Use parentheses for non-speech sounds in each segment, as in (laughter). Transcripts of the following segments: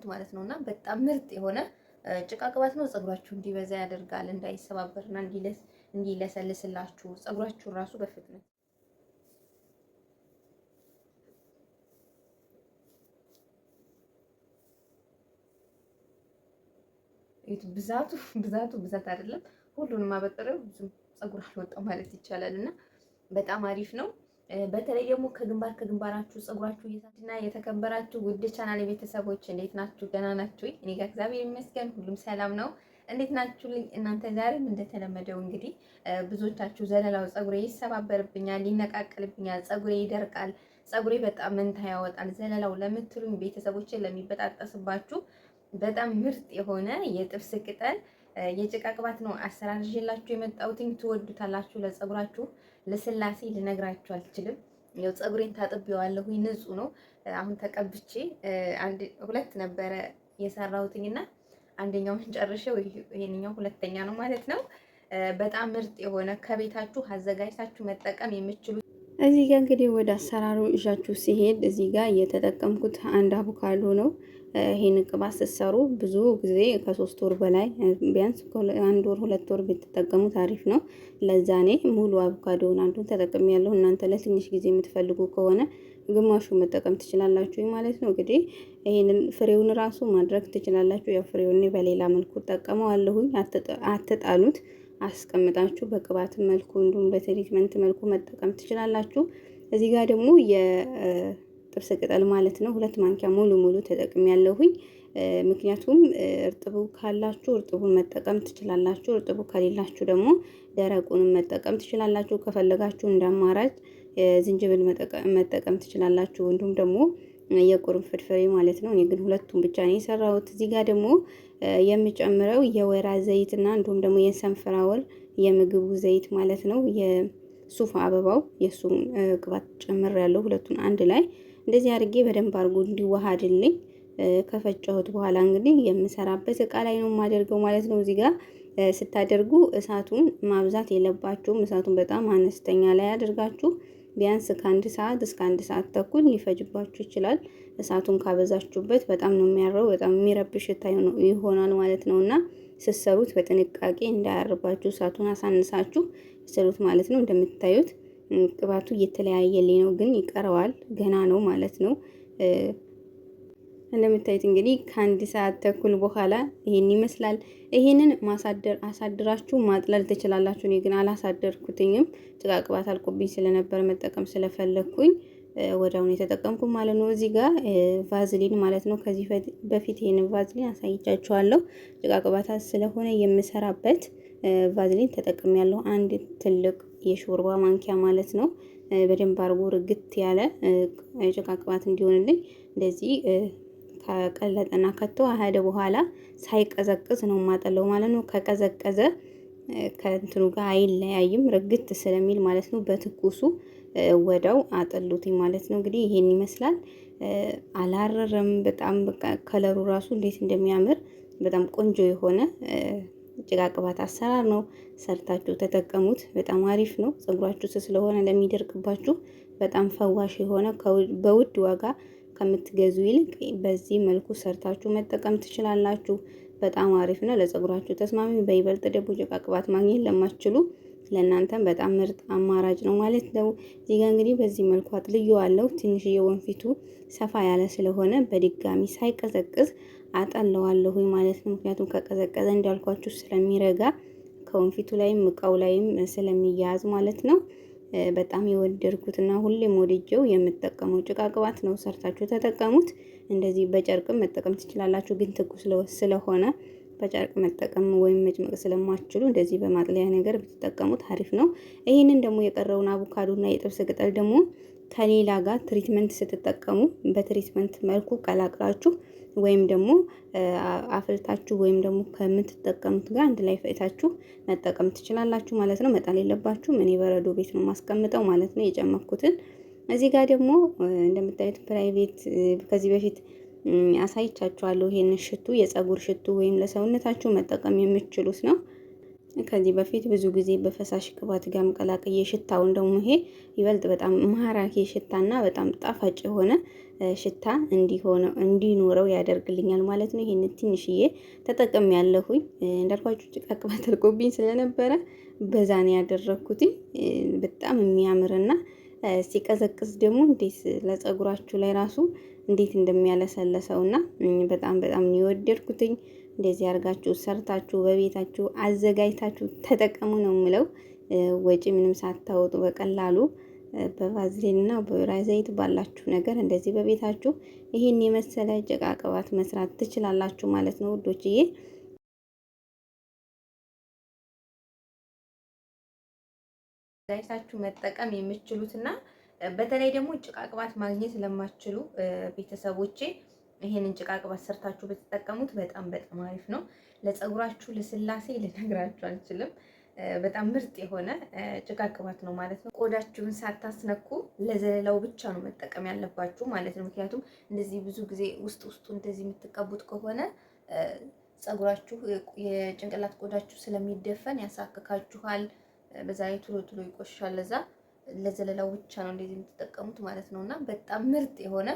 የምትጠቀሙት ማለት ነው። እና በጣም ምርጥ የሆነ ጭቃ ቅባት ነው። ጸጉራችሁ እንዲበዛ ያደርጋል፣ እንዳይሰባበርና እንዲለሰልስላችሁ ፀጉራችሁን ራሱ በፍጥነት ብዛቱ ብዛቱ ብዛት አይደለም። ሁሉንም አበጠረው ብዙም ፀጉር አልወጣው ማለት ይቻላል እና በጣም አሪፍ ነው። በተለይ ደግሞ ከግንባር ከግንባራችሁ ጸጉራችሁ እየሳትና የተከበራችሁ ውድ ቻናል ቤተሰቦች እንዴት ናችሁ? ገና ናችሁ? እኔ ጋር እግዚአብሔር ይመስገን ሁሉም ሰላም ነው። እንዴት ናችሁ? እናንተ ዛሬም እንደተለመደው እንግዲህ ብዙዎቻችሁ ዘለላው ፀጉሬ ይሰባበርብኛል፣ ይነቃቀልብኛል፣ ፀጉሬ ይደርቃል፣ ፀጉሬ በጣም መንታ ያወጣል ዘለላው ለምትሉኝ ቤተሰቦች፣ ለሚበጣጠስባችሁ በጣም ምርጥ የሆነ የጥብስ ቅጠል የጭቃ ቅባት ነው አሰራር ይዤላችሁ የመጣሁትኝ። ትወዱታላችሁ ለፀጉራችሁ ለስላሴ ልነግራችሁ አልችልም። ያው ፀጉሬን ታጥቤዋለሁኝ፣ ንጹህ ነው። አሁን ተቀብቼ አንድ ሁለት ነበረ የሰራሁትኝና አንደኛውን ጨርሼው ይሄንኛው ሁለተኛ ነው ማለት ነው። በጣም ምርጥ የሆነ ከቤታችሁ አዘጋጅታችሁ መጠቀም የምችሉ እዚህ ጋር እንግዲህ ወደ አሰራሩ እዣችሁ ሲሄድ እዚህ ጋር እየተጠቀምኩት አንድ አቮካዶ ነው። ይሄን ቅባት ስትሰሩ ብዙ ጊዜ ከሶስት ወር በላይ ቢያንስ አንድ ወር ሁለት ወር ብትጠቀሙ አሪፍ ነው። ለዛኔ ሙሉ አቮካዶን አንዱን ተጠቅም ያለሁ እናንተ ለትንሽ ጊዜ የምትፈልጉ ከሆነ ግማሹ መጠቀም ትችላላችሁ ማለት ነው። እንግዲህ ይህንን ፍሬውን ራሱ ማድረግ ትችላላችሁ። ያው ፍሬውን በሌላ መልኩ ጠቀመዋለሁኝ። አትጣሉት፣ አስቀምጣችሁ በቅባት መልኩ እንዲሁም በትሪትመንት መልኩ መጠቀም ትችላላችሁ። እዚህ ጋር ደግሞ ጥብስ ቅጠል ማለት ነው። ሁለት ማንኪያ ሙሉ ሙሉ ተጠቅም ያለሁኝ ምክንያቱም እርጥቡ ካላችሁ እርጥቡን መጠቀም ትችላላችሁ። እርጥቡ ከሌላችሁ ደግሞ ደረቁንም መጠቀም ትችላላችሁ። ከፈለጋችሁ እንደ አማራጭ ዝንጅብል መጠቀም ትችላላችሁ። እንዲሁም ደግሞ የቁርም ፍርፍሬ ማለት ነው። እኔ ግን ሁለቱም ብቻ ነው የሰራሁት። እዚህ ጋር ደግሞ የምጨምረው የወይራ ዘይትና እንዲሁም ደግሞ የሰንፍራወል የምግቡ ዘይት ማለት ነው። የሱፍ አበባው የሱም ቅባት ጨምር ያለው ሁለቱን አንድ ላይ እንደዚህ አድርጌ በደንብ አድርጎ እንዲዋሃድልኝ ከፈጨሁት በኋላ እንግዲህ የምሰራበት እቃ ላይ ነው የማደርገው ማለት ነው። እዚህ ጋር ስታደርጉ እሳቱን ማብዛት የለባችሁም። እሳቱን በጣም አነስተኛ ላይ አድርጋችሁ ቢያንስ ከአንድ ሰዓት እስከ አንድ ሰዓት ተኩል ሊፈጅባችሁ ይችላል። እሳቱን ካበዛችሁበት በጣም ነው የሚያረው፣ በጣም የሚረብሽ ይሆናል ማለት ነው እና ስሰሩት በጥንቃቄ እንዳያርባችሁ እሳቱን አሳንሳችሁ ስሩት ማለት ነው እንደምታዩት ቅባቱ እየተለያየልኝ ነው፣ ግን ይቀረዋል። ገና ነው ማለት ነው። እንደምታዩት እንግዲህ ከአንድ ሰዓት ተኩል በኋላ ይሄን ይመስላል። ይሄንን ማሳደር አሳድራችሁ ማጥለል ትችላላችሁ። እኔ ግን አላሳደርኩትኝም። ጭቃ ቅባት አልቆብኝ ስለነበር መጠቀም ስለፈለግኩኝ ወዲያውኑ የተጠቀምኩ ማለት ነው። እዚህ ጋር ቫዝሊን ማለት ነው። ከዚህ በፊት ይሄንን ቫዝሊን አሳይቻችኋለሁ። ጭቃ ቅባት ስለሆነ የምሰራበት ቫዝሊን ተጠቅም ያለው አንድ ትልቅ የሾርባ ማንኪያ ማለት ነው። በደንብ አርጎ ርግት ያለ የጭቃ ቅባት እንዲሆንልኝ እንደዚህ ከቀለጠና ከተዋሃደ በኋላ ሳይቀዘቅዝ ነው ማጠለው ማለት ነው። ከቀዘቀዘ ከእንትኑ ጋር አይለያይም ርግት ስለሚል ማለት ነው። በትኩሱ ወዳው አጠሉትኝ ማለት ነው። እንግዲህ ይሄን ይመስላል። አላረረም። በጣም ከለሩ ራሱ እንዴት እንደሚያምር በጣም ቆንጆ የሆነ ጭቃ ቅባት አሰራር ነው። ሰርታችሁ ተጠቀሙት። በጣም አሪፍ ነው። ጸጉራችሁ ስለሆነ ለሚደርቅባችሁ በጣም ፈዋሽ የሆነ በውድ ዋጋ ከምትገዙ ይልቅ በዚህ መልኩ ሰርታችሁ መጠቀም ትችላላችሁ። በጣም አሪፍ ነው ለጸጉራችሁ ተስማሚ። በይበልጥ ደግሞ ጭቃ ቅባት ማግኘት ለማትችሉ ለእናንተም በጣም ምርጥ አማራጭ ነው ማለት ነው። እዚህ እንግዲህ በዚህ መልኩ አለው። ትንሽዬ ወንፊቱ ሰፋ ያለ ስለሆነ በድጋሚ ሳይቀዘቅዝ አጠለዋለሁኝ ማለት ነው። ምክንያቱም ከቀዘቀዘ እንዳልኳችሁ ስለሚረጋ ከወንፊቱ ላይም እቃው ላይም ስለሚያያዝ ማለት ነው። በጣም የወደድኩትና ሁሌም ወድጀው የምጠቀመው ጭቃ ቅባት ነው። ሰርታችሁ ተጠቀሙት። እንደዚህ በጨርቅም መጠቀም ትችላላችሁ፣ ግን ትኩስ ስለሆነ በጨርቅ መጠቀም ወይም መጭመቅ ስለማችሉ እንደዚህ በማጥለያ ነገር ብትጠቀሙት አሪፍ ነው። ይህንን ደግሞ የቀረውን አቮካዶና የጥብስ ቅጠል ደግሞ ከሌላ ጋር ትሪትመንት ስትጠቀሙ በትሪትመንት መልኩ ቀላቅላችሁ ወይም ደግሞ አፍልታችሁ ወይም ደግሞ ከምትጠቀሙት ጋር አንድ ላይ ፈይታችሁ መጠቀም ትችላላችሁ ማለት ነው። መጣል የለባችሁም። እኔ በረዶ ቤት ነው ማስቀምጠው ማለት ነው የጨመኩትን። እዚህ ጋር ደግሞ እንደምታዩት ፕራይቬት ከዚህ በፊት አሳይቻችኋለሁ። ይሄንን ሽቱ የፀጉር ሽቱ ወይም ለሰውነታችሁ መጠቀም የምችሉት ነው። ከዚህ በፊት ብዙ ጊዜ በፈሳሽ ቅባት ጋር ቀላቅዬ ሽታውን ደግሞ ይሄ ይበልጥ በጣም ማራኪ ሽታና በጣም ጣፋጭ የሆነ ሽታ እንዲኖረው ያደርግልኛል ማለት ነው። ይሄን ትንሽዬ ተጠቅም ያለሁኝ እንዳልኳችሁ ጭቃ ቅባት አልቆብኝ ስለነበረ በዛ ነው ያደረግኩትኝ። በጣም የሚያምርና ሲቀዘቅዝ ደግሞ እንዴት ለጸጉራችሁ ላይ ራሱ እንዴት እንደሚያለሰለሰውና በጣም በጣም ነው የወደድኩትኝ። እንደዚህ አድርጋችሁ ሰርታችሁ በቤታችሁ አዘጋጅታችሁ ተጠቀሙ ነው የምለው። ወጪ ምንም ሳታወጡ በቀላሉ በቫዝሊንና በወይራ ዘይት ባላችሁ ነገር እንደዚህ በቤታችሁ ይህን የመሰለ ጭቃ ቅባት መስራት ትችላላችሁ ማለት ነው ውዶችዬ። አዘጋጅታችሁ መጠቀም የምችሉትና በተለይ ደግሞ ጭቃ ቅባት ማግኘት ለማትችሉ ቤተሰቦቼ ይሄንን ጭቃ ሰርታችሁ ብትጠቀሙት በጣም በጣም አሪፍ ነው። ለፀጉራችሁ ልስላሴ ልነግራችሁ አልችልም። በጣም ምርጥ የሆነ ጭቃቅባት ነው ማለት ነው። ቆዳችሁን ሳታስነኩ ለዘለላው ብቻ ነው መጠቀም ያለባችሁ ማለት ነው። ምክንያቱም እንደዚህ ብዙ ጊዜ ውስጥ ውስጡ እንደዚህ የምትቀቡት ከሆነ ፀጉራችሁ የጭንቅላት ቆዳችሁ ስለሚደፈን ያሳክካችኋል። በዛ ላይ ቶሎ ቶሎ ይቆሻል። ለዛ ለዘለላው ብቻ ነው እንደዚህ የምትጠቀሙት ማለት ነው እና በጣም ምርጥ የሆነ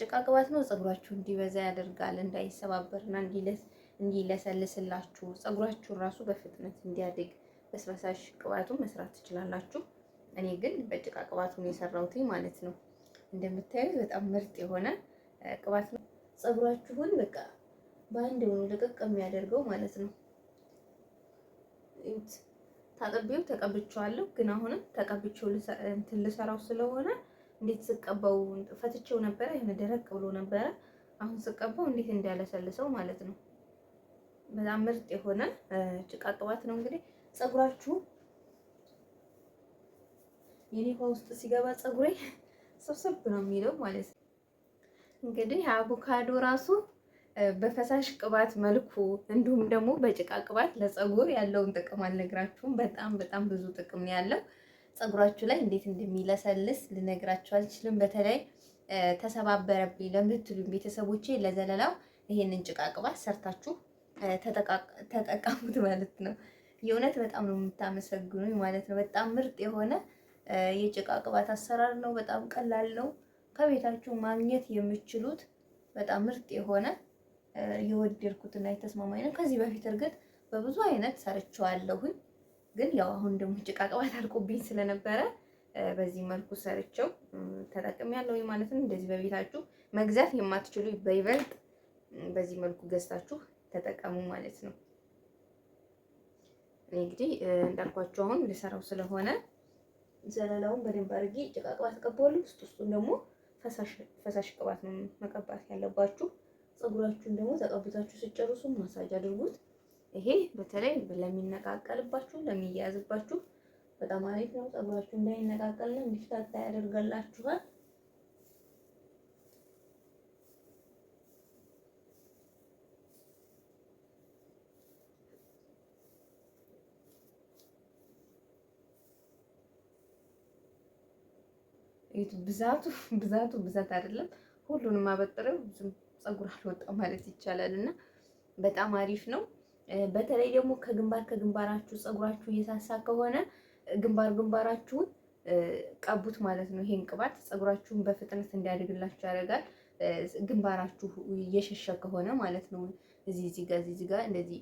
ጭቃ ቅባት ነው። ጸጉራችሁ እንዲበዛ ያደርጋል፣ እንዳይሰባበርና እንዲለሰልስላችሁ ጸጉራችሁን ራሱ በፍጥነት እንዲያድግ በስበሳሽ ቅባቱን መስራት ትችላላችሁ። እኔ ግን በጭቃ ቅባቱን የሰራሁት ማለት ነው። እንደምታዩት በጣም ምርጥ የሆነ ቅባት ነው። ጸጉራችሁን በቃ በአንድ ሆኖ ልቅቅ የሚያደርገው ማለት ነው። ታጥቤው ተቀብቼዋለሁ፣ ግን አሁንም ተቀብቼው እንትን ልሰራው ስለሆነ እንዴት ስቀባው ፈትቼው ነበረ። የሆነ ደረቅ ብሎ ነበረ። አሁን ስቀባው እንዴት እንዳለሰልሰው ማለት ነው። በጣም ምርጥ የሆነ ጭቃ ቅባት ነው። እንግዲህ ፀጉራችሁ የኔ ውስጥ ሲገባ ፀጉሬ ሰብሰብ ነው የሚለው ማለት ነው። እንግዲህ አቮካዶ ራሱ በፈሳሽ ቅባት መልኩ እንዲሁም ደግሞ በጭቃ ቅባት ለፀጉር ያለውን ጥቅም አልነግራችሁም። በጣም በጣም ብዙ ጥቅም ያለው ጸጉራችሁ ላይ እንዴት እንደሚለሰልስ ልነግራችሁ አልችልም። በተለይ ተሰባበረብኝ ለምትሉኝ ቤተሰቦቼ ለዘለላው ይሄንን ጭቃ ቅባት ሰርታችሁ ተጠቃሙት ማለት ነው። የእውነት በጣም ነው የምታመሰግኑኝ ማለት ነው። በጣም ምርጥ የሆነ የጭቃ ቅባት አሰራር ነው። በጣም ቀላል ነው። ከቤታችሁ ማግኘት የምችሉት በጣም ምርጥ የሆነ የወደድኩትና የተስማማኝ ነው። ከዚህ በፊት እርግጥ በብዙ አይነት ሰርቼዋለሁኝ። ግን ያው አሁን ደግሞ ጭቃ ቅባት አልቆብኝ ስለነበረ በዚህ መልኩ ሰርቸው ተጠቅሜያለሁ ማለት ነው። እንደዚህ በቤታችሁ መግዛት የማትችሉ በይበልጥ በዚህ መልኩ ገዝታችሁ ተጠቀሙ ማለት ነው። እንግዲህ እንዳልኳችሁ አሁን ልሰራው ስለሆነ ዘለላውን በደንብ አድርጌ ጭቃ ቅባት ቀባዋለሁ። ውስጥ ውስጡን ደግሞ ፈሳሽ ቅባት ነው መቀባት ያለባችሁ። ፀጉራችሁን ደግሞ ተቀብታችሁ ስጨርሱ ማሳጅ አድርጉት። ይሄ በተለይ ለሚነቃቀልባችሁ ለሚያያዝባችሁ በጣም አሪፍ ነው። ፀጉራችሁ እንዳይነቃቀልና እንዲፍታታ ያደርጋላችኋል። ብዛቱ ብዛቱ ብዛት አይደለም። ሁሉንም አበጥረው ብዙም ፀጉር ማለት ይቻላል እና በጣም አሪፍ ነው። በተለይ ደግሞ ከግንባር ከግንባራችሁ ፀጉራችሁ እየሳሳ ከሆነ ግንባር ግንባራችሁን ቀቡት ማለት ነው። ይሄን ቅባት ፀጉራችሁን በፍጥነት እንዲያድግላችሁ ያደርጋል። ግንባራችሁ እየሸሸ ከሆነ ማለት ነው። እዚህ እዚህ ጋር እዚህ ጋር እንደዚህ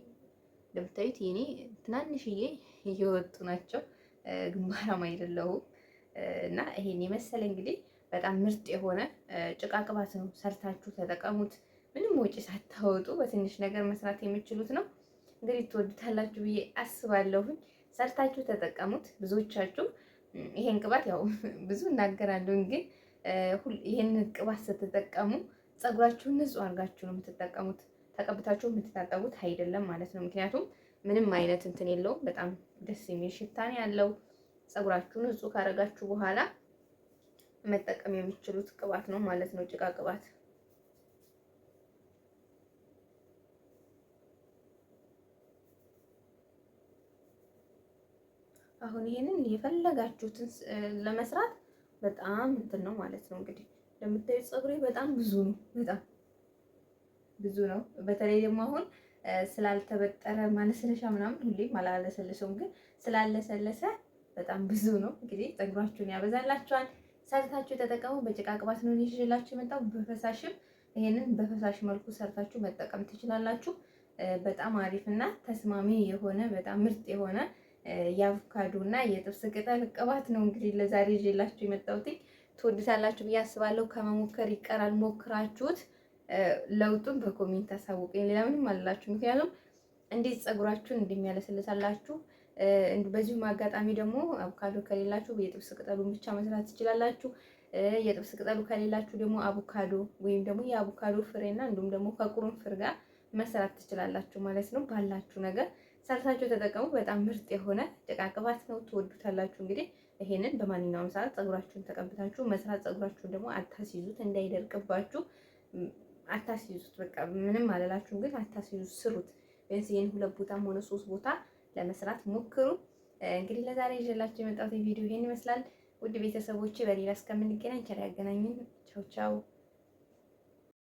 እንደምታዩት የኔ ትናንሽዬ እየወጡ ናቸው። ግንባራም አይደለሁም እና ይሄን የመሰለ እንግዲህ በጣም ምርጥ የሆነ ጭቃ ቅባት ነው። ሰርታችሁ ተጠቀሙት። ምንም ወጪ ሳታወጡ በትንሽ ነገር መስራት የሚችሉት ነው። እንግዲህ ትወዱታላችሁ ብዬ አስባለሁኝ። ሰርታችሁ ተጠቀሙት። ብዙዎቻችሁ ይሄን ቅባት ያው (laughs) ብዙ እናገራለሁኝ፣ ግን ይሄን ቅባት ስትጠቀሙ ጸጉራችሁን ንጹህ አድርጋችሁ ነው የምትጠቀሙት። ተቀብታችሁ የምትታጠቡት አይደለም ማለት ነው። ምክንያቱም ምንም አይነት እንትን የለውም። በጣም ደስ የሚል ሽታን ያለው ጸጉራችሁን ንጹህ ካረጋችሁ በኋላ መጠቀም የምትችሉት ቅባት ነው ማለት ነው። ጭቃ ቅባት አሁን ይሄንን የፈለጋችሁትን ለመስራት በጣም እንትን ነው ማለት ነው። እንግዲህ እንደምታዩት ፀጉሬ በጣም ብዙ ነው፣ በጣም ብዙ ነው። በተለይ ደግሞ አሁን ስላልተበጠረ ማለስለሻ ምናምን ሁሌም አላለሰለሰውም፣ ግን ስላለሰለሰ በጣም ብዙ ነው። እንግዲህ ፀጉራችሁን ያበዛላችኋል። ሰርታችሁ ተጠቀሙ። በጭቃ ቅባት ነው ይዤላችሁ የመጣው። በፈሳሽም ይሄንን በፈሳሽ መልኩ ሰርታችሁ መጠቀም ትችላላችሁ። በጣም አሪፍ እና ተስማሚ የሆነ በጣም ምርጥ የሆነ የአቮካዶ እና የጥብስ ቅጠል ቅባት ነው። እንግዲህ ለዛሬ ይዤላችሁ የመጣሁት ትወዱታላችሁ ብዬ አስባለሁ። ከመሞከር ይቀራል። ሞክራችሁት ለውጡን በኮሜንት አሳውቁኝ። ሌላ ምንም አላችሁ። ምክንያቱም እንዴት ፀጉራችሁን እንደሚያለሰልሳላችሁ በዚሁም አጋጣሚ ደግሞ አቮካዶ ከሌላችሁ የጥብስ ቅጠሉን ብቻ መስራት ትችላላችሁ። የጥብስ ቅጠሉ ከሌላችሁ ደግሞ አቮካዶ ወይም ደግሞ የአቮካዶ ፍሬና እንዲሁም ደግሞ ፍር ጋር መስራት ትችላላችሁ ማለት ነው ባላችሁ ነገር ሰርታችሁ ተጠቀሙ። በጣም ምርጥ የሆነ ጭቃ ቅባት ነው፣ ትወዱታላችሁ። እንግዲህ ይሄንን በማንኛውም ሰዓት ጸጉራችሁን ተቀብታችሁ መስራት፣ ጸጉራችሁን ደግሞ አታስይዙት፣ እንዳይደርቅባችሁ አታስይዙት። በቃ ምንም አለላችሁም፣ ግን አታስይዙት፣ ስሩት። ቢያንስ ይህን ሁለት ቦታም ሆነ ሶስት ቦታ ለመስራት ሞክሩ። እንግዲህ ለዛሬ ይዤላችሁ የመጣሁት ቪዲዮ ይሄን ይመስላል። ውድ ቤተሰቦቼ በሌላ እስከምንገናኝ ቸር ቻው ቻው።